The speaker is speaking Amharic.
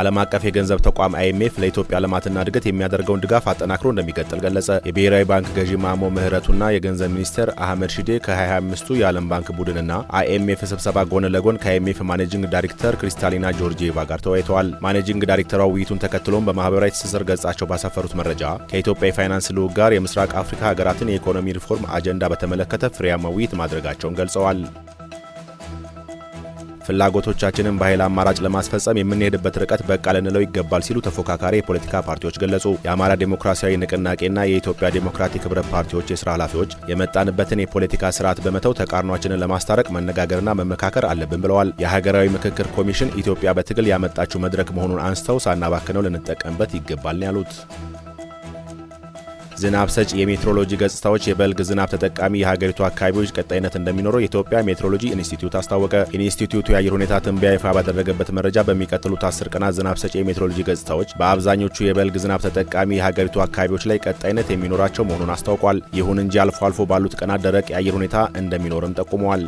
ዓለም አቀፍ የገንዘብ ተቋም አይኤምኤፍ ለኢትዮጵያ ልማትና እድገት የሚያደርገውን ድጋፍ አጠናክሮ እንደሚቀጥል ገለጸ። የብሔራዊ ባንክ ገዢ ማሞ ምህረቱና የገንዘብ ሚኒስትር አህመድ ሺዴ ከ25ቱ የዓለም ባንክ ቡድንና አይኤምኤፍ ስብሰባ ጎን ለጎን ከአይኤምኤፍ ማኔጂንግ ዳይሬክተር ክሪስታሊና ጆርጂቫ ጋር ተወያይተዋል። ማኔጂንግ ዳይሬክተሯ ውይይቱን ተከትሎም በማህበራዊ ትስስር ገጻቸው ባሰፈሩት መረጃ ከኢትዮጵያ የፋይናንስ ልዑክ ጋር የምስራቅ አፍሪካ ሀገራትን የኢኮኖሚ ሪፎርም አጀንዳ በተመለከተ ፍሬያማ ውይይት ማድረጋቸውን ገልጸዋል። ፍላጎቶቻችንን በኃይል አማራጭ ለማስፈጸም የምንሄድበት ርቀት በቃ ልንለው ይገባል ሲሉ ተፎካካሪ የፖለቲካ ፓርቲዎች ገለጹ። የአማራ ዴሞክራሲያዊ ንቅናቄና የኢትዮጵያ ዴሞክራቲክ ህብረት ፓርቲዎች የስራ ኃላፊዎች የመጣንበትን የፖለቲካ ስርዓት በመተው ተቃርኗችንን ለማስታረቅ መነጋገርና መመካከር አለብን ብለዋል። የሀገራዊ ምክክር ኮሚሽን ኢትዮጵያ በትግል ያመጣችው መድረክ መሆኑን አንስተው ሳናባክነው ልንጠቀምበት ይገባል ያሉት ዝናብ ሰጪ የሜትሮሎጂ ገጽታዎች የበልግ ዝናብ ተጠቃሚ የሀገሪቱ አካባቢዎች ቀጣይነት እንደሚኖረው የኢትዮጵያ ሜትሮሎጂ ኢንስቲትዩት አስታወቀ። ኢንስቲትዩቱ የአየር ሁኔታ ትንበያ ይፋ ባደረገበት መረጃ በሚቀጥሉት አስር ቀናት ዝናብ ሰጪ የሜትሮሎጂ ገጽታዎች በአብዛኞቹ የበልግ ዝናብ ተጠቃሚ የሀገሪቱ አካባቢዎች ላይ ቀጣይነት የሚኖራቸው መሆኑን አስታውቋል። ይሁን እንጂ አልፎ አልፎ ባሉት ቀናት ደረቅ የአየር ሁኔታ እንደሚኖርም ጠቁመዋል።